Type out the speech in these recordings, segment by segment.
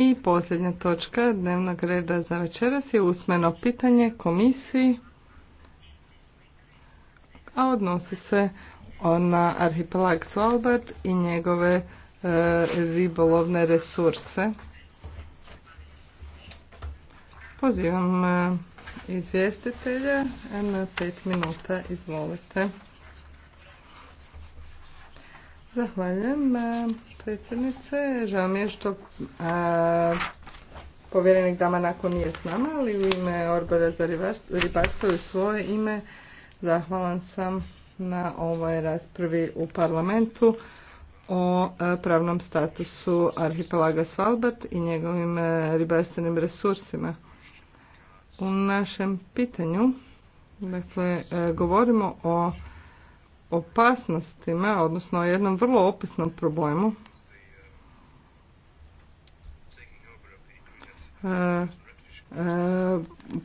I posljednja točka dnevnog reda za večeras je usmeno pitanje komisiji, a odnosi se na arhipelag Svalbard i njegove e, ribolovne resurse. Pozivam e, izvjestitelja e, na pet minuta. Izvolite. Zahvaljujem e, predsjednice. Žao mi je što e, povjerenik dama nakon nije s nama, ali u ime Odbora za ribarstvo i svoje ime zahvalan sam na ovoj raspravi u parlamentu o e, pravnom statusu arhipelaga Svalbard i njegovim ribarstvenim resursima. U našem pitanju dakle, govorimo o opasnostima, odnosno o jednom vrlo opisnom problemu. E, e,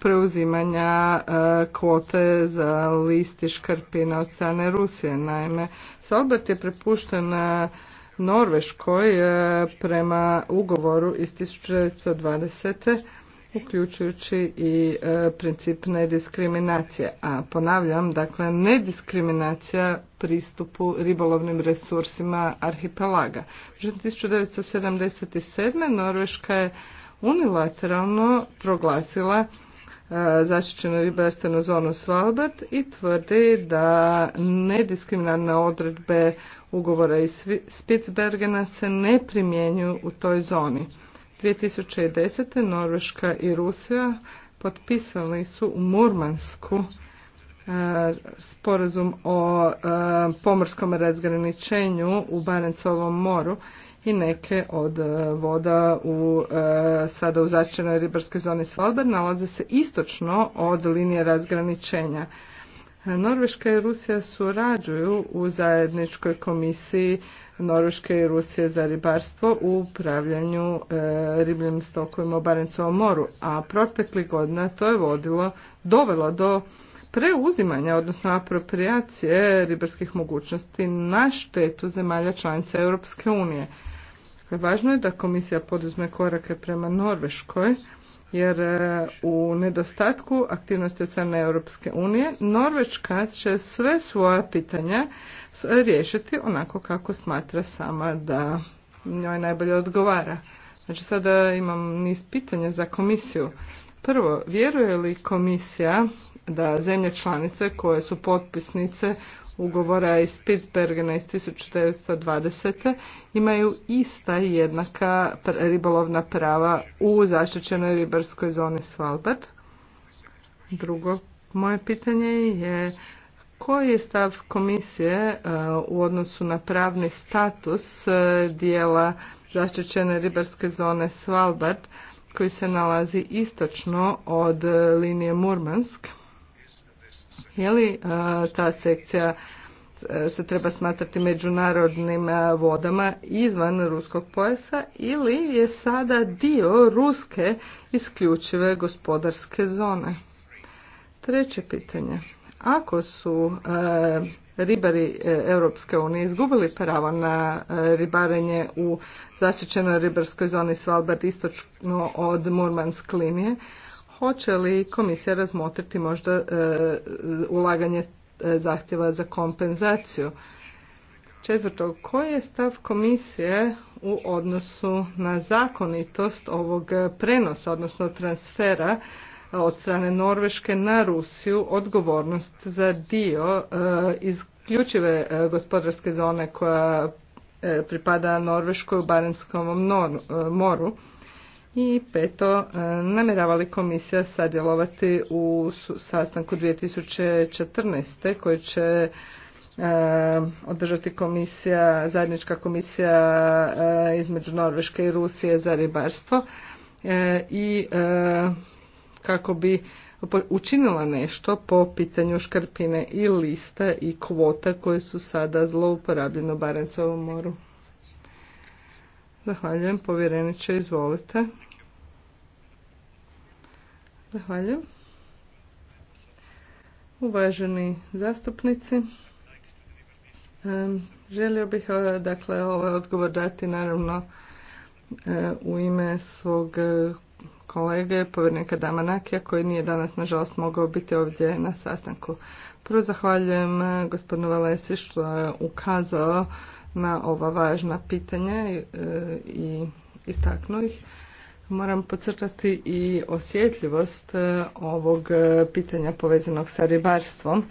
preuzimanja e, kvote za listi škrpina od strane Rusije. Naime, Salbert je prepušten Norveškoj prema ugovoru iz 1920 uključujući i e, princip nediskriminacije. A ponavljam, dakle, nediskriminacija pristupu ribolovnim resursima arhipelaga. sedamdeset 1977. Norveška je unilateralno proglasila e, zaštićenu ribarstvenu zonu Svalbard i tvrdi da nediskriminarne odredbe ugovora iz Spitsbergena se ne primjenjuju u toj zoni. 2010. Norveška i Rusija potpisali su u Murmansku e, sporazum o e, pomorskom razgraničenju u Barencovom moru i neke od e, voda u sada u začinoj ribarskoj zoni Svalbard nalaze se istočno od linije razgraničenja. Norveška i Rusija surađuju u zajedničkoj komisiji Norveške i Rusije za ribarstvo u upravljanju e, ribljim stokovima u Barencovom moru, a protekli godina to je vodilo, dovelo do preuzimanja, odnosno apropriacije ribarskih mogućnosti na štetu zemalja članica Europske unije. Važno je da komisija poduzme korake prema Norveškoj jer e, u nedostatku aktivnosti od strane Europske unije Norvečka će sve svoja pitanja riješiti onako kako smatra sama da njoj najbolje odgovara. Znači sada imam niz pitanja za komisiju. Prvo, vjeruje li komisija da zemlje članice koje su potpisnice ugovora iz Spitsbergena iz 1920. imaju ista i jednaka ribolovna prava u zaštićenoj ribarskoj zoni Svalbard. Drugo moje pitanje je koji je stav komisije e, u odnosu na pravni status e, dijela zaštićene ribarske zone Svalbard koji se nalazi istočno od e, linije Murmansk? Je li e, ta sekcija e, se treba smatrati međunarodnim e, vodama izvan ruskog pojasa ili je sada dio ruske isključive gospodarske zone? Treće pitanje. Ako su ribari Europske unije izgubili pravo na ribarenje u zaštićenoj ribarskoj zoni Svalbard istočno od Murmansk linije, hoće li komisija razmotriti možda e, ulaganje e, zahtjeva za kompenzaciju? Četvrto, koji je stav komisije u odnosu na zakonitost ovog prenosa, odnosno transfera e, od strane Norveške na Rusiju odgovornost za dio izključive isključive gospodarske zone koja pripada Norveškoj u Barenskom moru? I peto, e, namjerava li komisija sadjelovati u sastanku 2014. koje će e, održati komisija, zajednička komisija e, između Norveške i Rusije za ribarstvo i kako bi učinila nešto po pitanju škrpine i lista i kvota koje su sada zlouporabljene u Barencovom moru. Zahvaljujem. Povjereniče, izvolite. Zahvaljujem. Uvaženi zastupnici, želio bih e, dakle ovaj odgovor dati naravno e, u ime svog e, kolege, povjernika Damanakija, koji nije danas, nažalost, mogao biti ovdje na sastanku. Prvo zahvaljujem gospodinu Valesi što je ukazao na ova važna pitanja e, i istaknu ih. Moram podcrtati i osjetljivost e, ovog e, pitanja povezanog sa ribarstvom,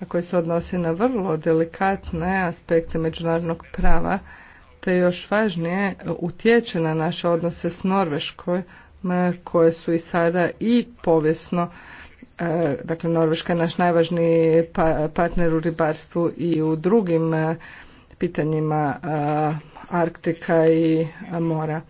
a koje se odnosi na vrlo delikatne aspekte međunarodnog prava, te još važnije utječe na naše odnose s Norveškoj, koje su i sada i povijesno dakle Norveška je naš najvažniji pa-, partner u ribarstvu i u drugim pitanjima e, Arktika i mora.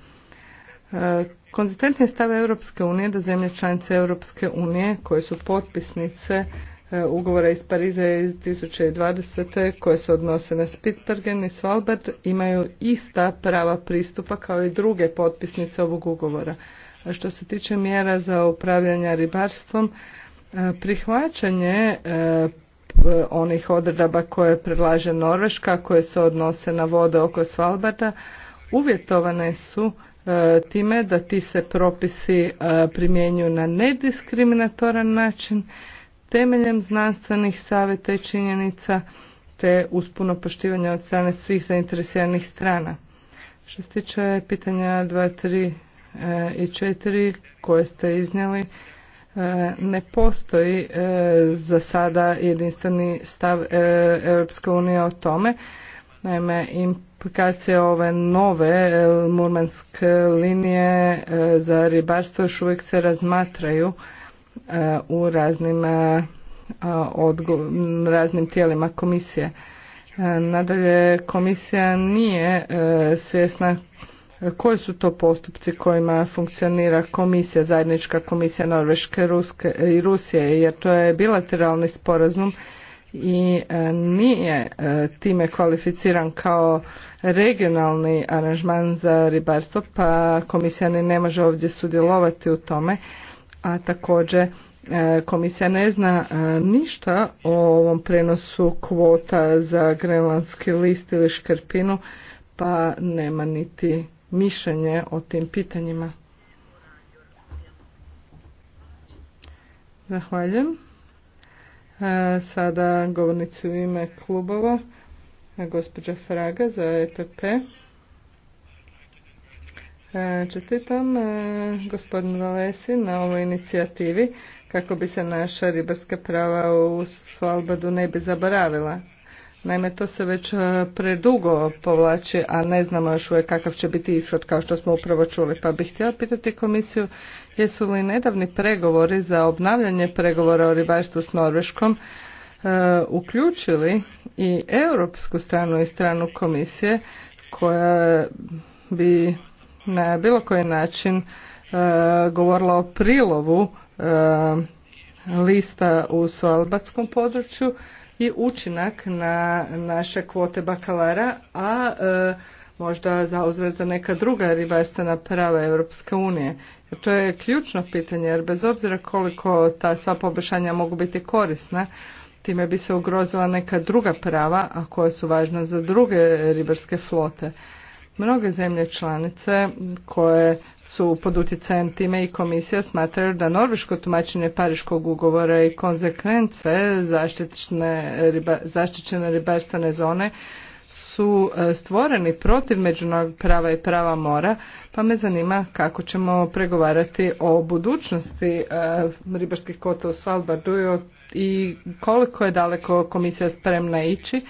E, Konzistentni stav Europske unije da zemlje članice Europske unije koje su potpisnice e, ugovora iz Pariza iz 2020. koje se odnose na Spitsbergen i Svalbard imaju ista prava pristupa kao i druge potpisnice ovog ugovora. A što se tiče mjera za upravljanje ribarstvom, prihvaćanje E, onih odredaba koje predlaže Norveška koje se odnose na vode oko Svalbarda uvjetovane su e, time da ti se propisi e, primjenjuju na nediskriminatoran način temeljem znanstvenih savjeta i činjenica te uz puno poštivanje od strane svih zainteresiranih strana. Što se tiče pitanja 2, 3 i 4 koje ste iznijeli, E, ne postoji e, za sada jedinstveni stav e, Europske unije o tome. Naime, implikacije ove nove murmanske linije za ribarstvo još uvijek se razmatraju u raznim, raznim tijelima komisije. Nadalje, komisija nije svjesna koji su to postupci kojima funkcionira komisija, zajednička komisija Norveške Ruske, i Rusije, jer to je bilateralni sporazum i e, nije e, time kvalificiran kao regionalni aranžman za ribarstvo, pa komisija ne može ovdje sudjelovati u tome, a također e, komisija ne zna ništa o ovom prenosu kvota za grenlandski list ili škrpinu, pa nema niti mišljenje o tim pitanjima. Zahvaljujem. E, sada govornici u ime klubova, e, gospođa Fraga za EPP. E, čestitam gospodin Valesi na ovoj inicijativi kako bi se naša ribarska prava u Svalbadu ne bi zaboravila. Naime, to se već e, predugo povlači, a ne znamo još uvijek kakav će biti ishod kao što smo upravo čuli. Pa bih htjela pitati komisiju jesu li nedavni pregovori za obnavljanje pregovora o ribarstvu s Norveškom e, uključili i europsku stranu i stranu komisije koja bi na bilo koji način e, govorila o prilovu lista u Svalbatskom području i učinak na naše kvote bakalara, a e, možda za uzvrat za neka druga ribarstvena prava Europske unije. Jer to je ključno pitanje, jer bez obzira koliko ta sva poboljšanja mogu biti korisna, time bi se ugrozila neka druga prava, a koja su važna za druge ribarske flote. Mnoge zemlje članice koje su pod utjecajem time i komisija smatraju da norveško tumačenje Pariškog ugovora i konsekvence zaštićene ribarstvene zone su e, stvoreni protiv međunarodnog prava i prava mora, pa me zanima kako ćemo pregovarati o budućnosti e, ribarskih kota u Svalbardu i koliko je daleko komisija spremna ići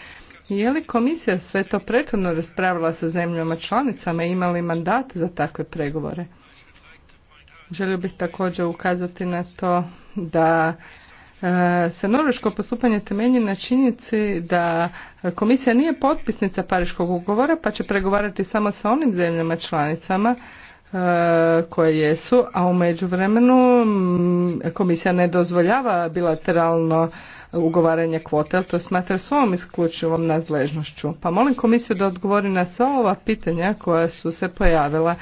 je li komisija sve to prethodno raspravila sa zemljama članicama i imali mandat za takve pregovore? Želio bih također ukazati na to da e, se norveško postupanje temelji na činjenici da komisija nije potpisnica Pariškog ugovora pa će pregovarati samo sa onim zemljama članicama e, koje jesu, a u međuvremenu komisija ne dozvoljava bilateralno ugovaranje kvote, ali to smatra svojom isključivom nadležnošću. Pa molim komisiju da odgovori na sva ova pitanja koja su se pojavila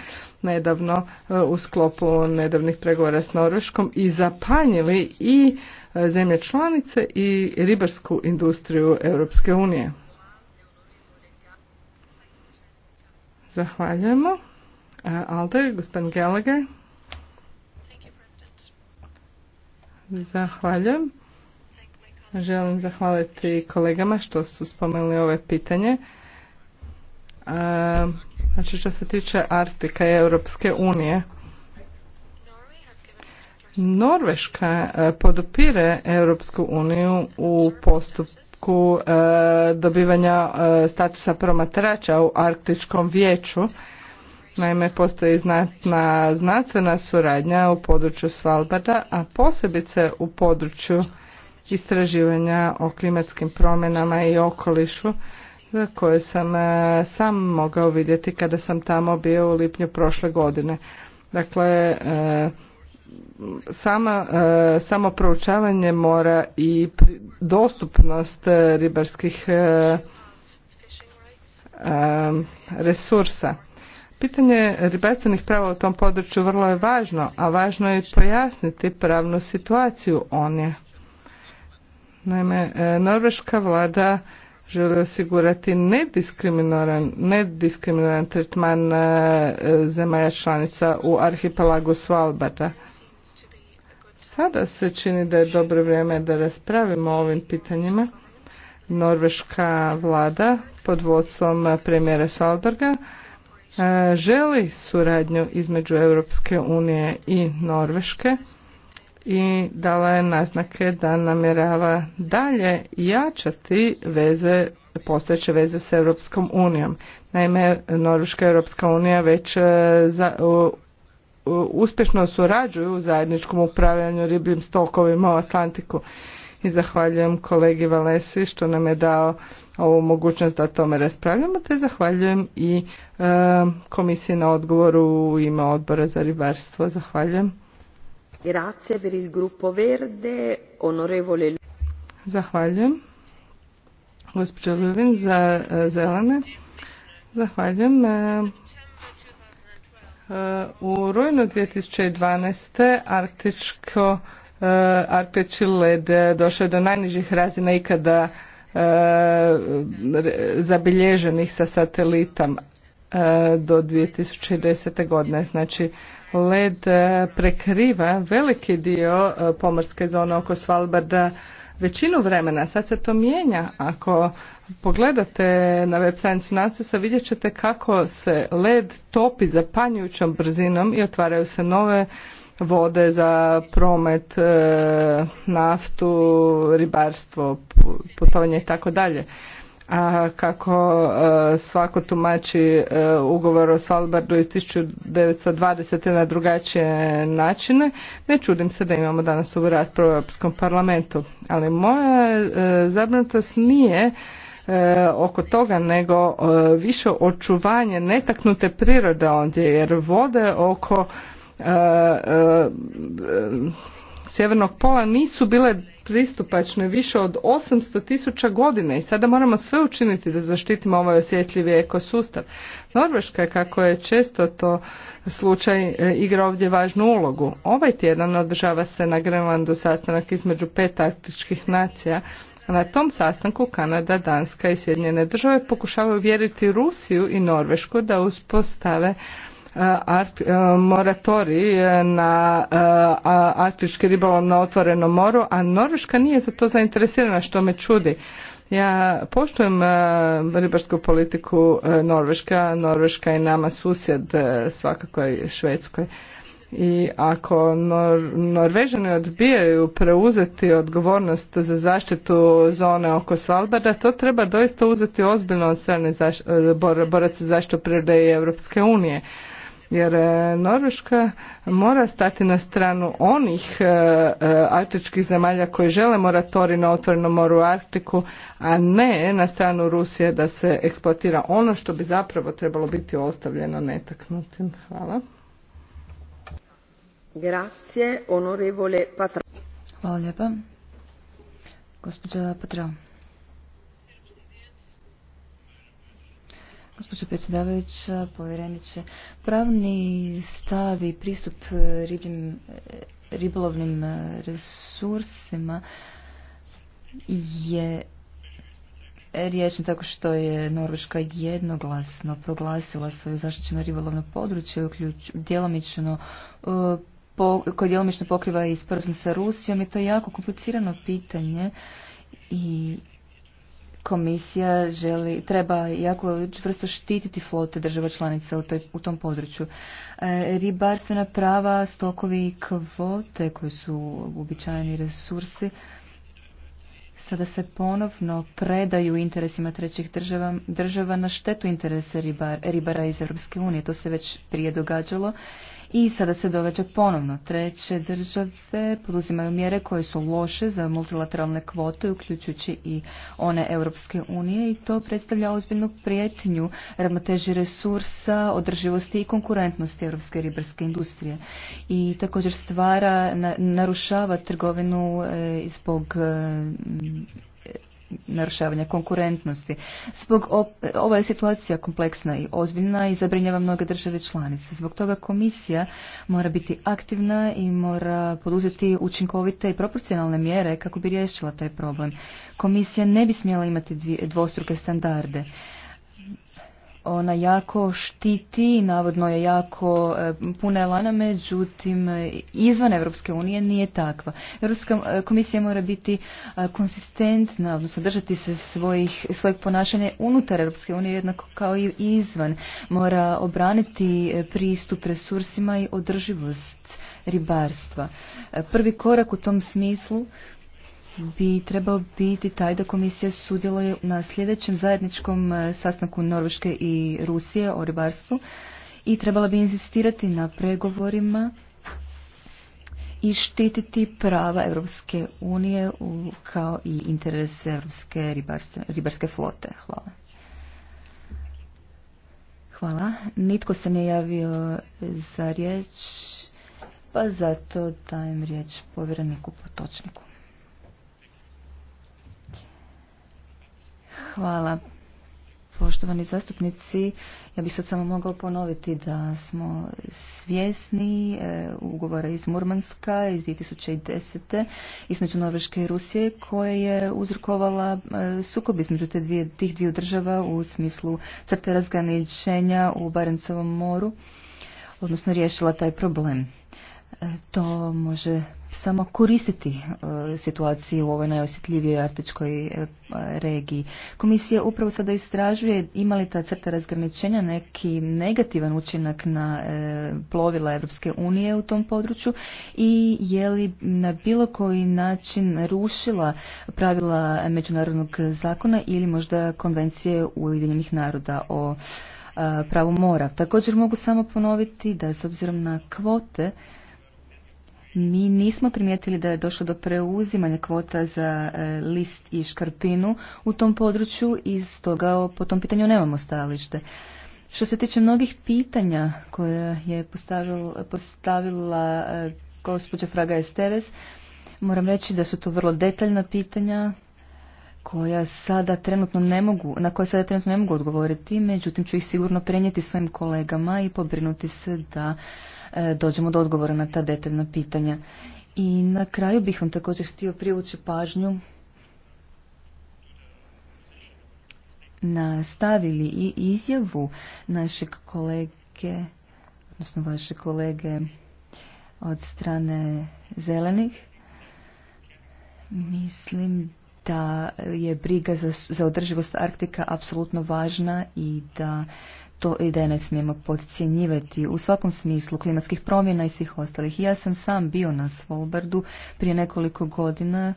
nedavno e, u sklopu nedavnih pregovora s Norveškom i zapanjili i e, zemlje članice i ribarsku industriju Europske unije. Zahvaljujemo. E, Alde, gospodin Gallagher. Zahvaljujem. Želim zahvaliti kolegama što su spomenuli ove pitanje. E, znači što se tiče Arktika i Europske unije. Norveška e, podupire Europsku uniju u postupku e, dobivanja statusa promatrača u Arktičkom vijeću. Naime, postoji znatna znanstvena suradnja u području Svalbada, a posebice u području istraživanja o klimatskim promjenama i okolišu za koje sam e, sam mogao vidjeti kada sam tamo bio u lipnju prošle godine. Dakle, e, sama, e, samo proučavanje mora i dostupnost ribarskih resursa. Pitanje ribarstvenih prava u tom području vrlo je važno, a važno je pojasniti pravnu situaciju one Naime, e, norveška vlada želi osigurati nediskriminiran, tretman e, zemalja članica u arhipelagu Svalbada. Sada se čini da je dobro vrijeme da raspravimo o ovim pitanjima. Norveška vlada pod vodstvom premijera Salberga e, želi suradnju između Europske unije i Norveške i dala je naznake da namjerava dalje jačati veze, postojeće veze s Europskom unijom. Naime, Noruška Europska unija već e, za, uspješno surađuju u zajedničkom upravljanju ribljim stokovima u Atlantiku. I zahvaljujem kolegi Valesi što nam je dao ovu mogućnost da o tome raspravljamo, te zahvaljujem i e, komisiji na odgovoru u ime odbora za ribarstvo. Zahvaljujem. Grazie per il Verde, onorevole... Zahvaljujem. Gospođa Ljubin za e, zelene. Zahvaljujem. E, e, u rujnu 2012. Arktičko Arpeći led došao do najnižih razina ikada zabilježenih sa satelitom, do 2010. godine. Znači, led e, prekriva veliki dio e, pomorske zone oko Svalbarda većinu vremena. Sad se to mijenja. Ako pogledate na web Science Nasa vidjet ćete kako se led topi zapanjujućom brzinom i otvaraju se nove vode za promet, e, naftu, ribarstvo, putovanje i tako dalje a kako e, svako tumači e, ugovor o Svalbardu iz 1920. na drugačije načine, ne čudim se da imamo danas ovu raspravu u Europskom parlamentu. Ali moja e, zabrinutost nije oko toga nego više očuvanje netaknute prirode ondje jer vode oko sjevernog pola nisu bile pristupačne više od 800 tisuća godina i sada moramo sve učiniti da zaštitimo ovaj osjetljivi ekosustav. Norveška je, kako je često to slučaj, e, igra ovdje važnu ulogu. Ovaj tjedan održava se na Grenlandu sastanak između pet arktičkih nacija, na tom sastanku Kanada, Danska i Sjedinjene države pokušavaju vjeriti Rusiju i Norvešku da uspostave E, moratorij na e, arktički ribolov na otvorenom moru, a Norveška nije za to zainteresirana što me čudi. Ja poštujem e, ribarsku politiku Norveška, Norveška je nama susjed svakako Švedskoj. I ako Norvežani odbijaju preuzeti odgovornost za zaštitu zone oko Svalbarda, to treba doista uzeti ozbiljno od strane boraca zaštitu prirode i Europske unije jer e, Norveška mora stati na stranu onih e, e, arktičkih zemalja koji žele moratorij na otvorenom moru Arktiku, a ne na stranu Rusije da se eksploatira ono što bi zapravo trebalo biti ostavljeno netaknutim. Hvala. Grazie, onorevole Patra. Hvala lijepa. Patra. Gospođo predsjedavajuća, povjereniče, pravni stav i pristup e, ribljim, e, ribolovnim e, resursima je riječno tako što je Norveška jednoglasno proglasila svoju zaštićeno ribolovno područje, uključ, djelomično djelomično pokriva i sporazum sa Rusijom i to je jako komplicirano pitanje i komisija želi, treba jako čvrsto štititi flote država članica u, toj, u tom području. E, ribarstvena prava, stokovi i kvote koje su uobičajeni resursi sada se ponovno predaju interesima trećih država, država na štetu interesa ribara iz Europske unije. To se već prije događalo i sada se događa ponovno. Treće države poduzimaju mjere koje su loše za multilateralne kvote, uključujući i one Europske unije i to predstavlja ozbiljnu prijetnju ravnoteži resursa, održivosti i konkurentnosti europske ribarske industrije. I također stvara, narušava trgovinu e, zbog e, narušavanja konkurentnosti. Zbog ova je situacija kompleksna i ozbiljna i zabrinjava mnoge države članice. Zbog toga komisija mora biti aktivna i mora poduzeti učinkovite i proporcionalne mjere kako bi riješila taj problem. Komisija ne bi smjela imati dvostruke standarde. Ona jako štiti, navodno je jako e, puna elana, međutim e, izvan Europske unije nije takva. Europska e, komisija mora biti konsistentna, odnosno držati se svojih, svojeg ponašanja unutar Europske unije jednako kao i izvan. Mora obraniti pristup resursima i održivost ribarstva. Prvi korak u tom smislu bi trebao biti taj da komisija sudjeluje na sljedećem zajedničkom e, sastanku Norveške i Rusije o ribarstvu i trebala bi inzistirati na pregovorima i štititi prava Europske unije kao i interese Europske ribarske flote. Hvala. Hvala. Nitko se ne javio e, za riječ, pa zato dajem riječ povjereniku potočniku. Hvala. Poštovani zastupnici, ja bih sad samo mogao ponoviti da smo svjesni e, ugovora iz Murmanska iz 2010. između Norveške i Rusije koja je uzrokovala e, sukob između tih dviju država u smislu crte razgraničenja u Barencovom moru, odnosno riješila taj problem. E, to može samo koristiti e, situaciju u ovoj najosjetljivijoj artičkoj e, regiji. Komisija upravo sada istražuje ima li ta crta razgraničenja neki negativan učinak na plovila Europske unije u tom području i je li na bilo koji način rušila pravila međunarodnog zakona ili možda konvencije Ujedinjenih naroda o pravu mora. Također mogu samo ponoviti da s obzirom na kvote mi nismo primijetili da je došlo do preuzimanja kvota za e, list i škarpinu u tom području i stoga po tom pitanju nemamo stajalište. Što se tiče mnogih pitanja koja je postavila, e, gospođa Fraga Esteves, moram reći da su to vrlo detaljna pitanja koja sada trenutno ne mogu, na koje sada trenutno ne mogu odgovoriti, međutim ću ih sigurno prenijeti svojim kolegama i pobrinuti se da E, dođemo do odgovora na ta detaljna pitanja. I na kraju bih vam također htio privući pažnju na stavili i izjavu našeg kolege, odnosno vaše kolege od strane zelenih. Mislim da je briga za, za održivost Arktika apsolutno važna i da to i da ne smijemo podcjenjivati u svakom smislu klimatskih promjena i svih ostalih. Ja sam sam bio na Svalbardu prije nekoliko godina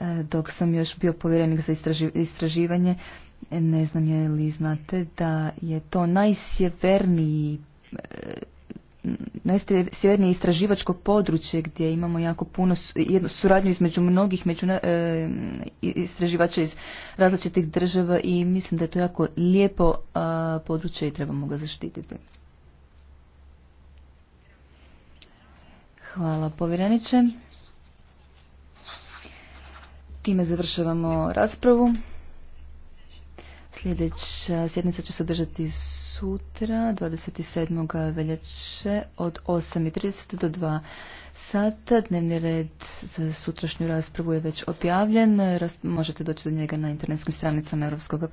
e, dok sam još bio povjerenik za istraživanje. Ne znam je li znate da je to najsjeverniji e, najsjevernije istraživačko područje gdje imamo jako puno jednu suradnju između mnogih e, istraživača iz različitih država i mislim da je to jako lijepo područje i trebamo ga zaštititi. Hvala povjereniče. Time završavamo raspravu. Sljedeća sjednica će se održati sutra 27. veljače od 8.30 do 2 sata. Dnevni red za sutrašnju raspravu je već objavljen. Možete doći do njega na internetskim stranicama Europskog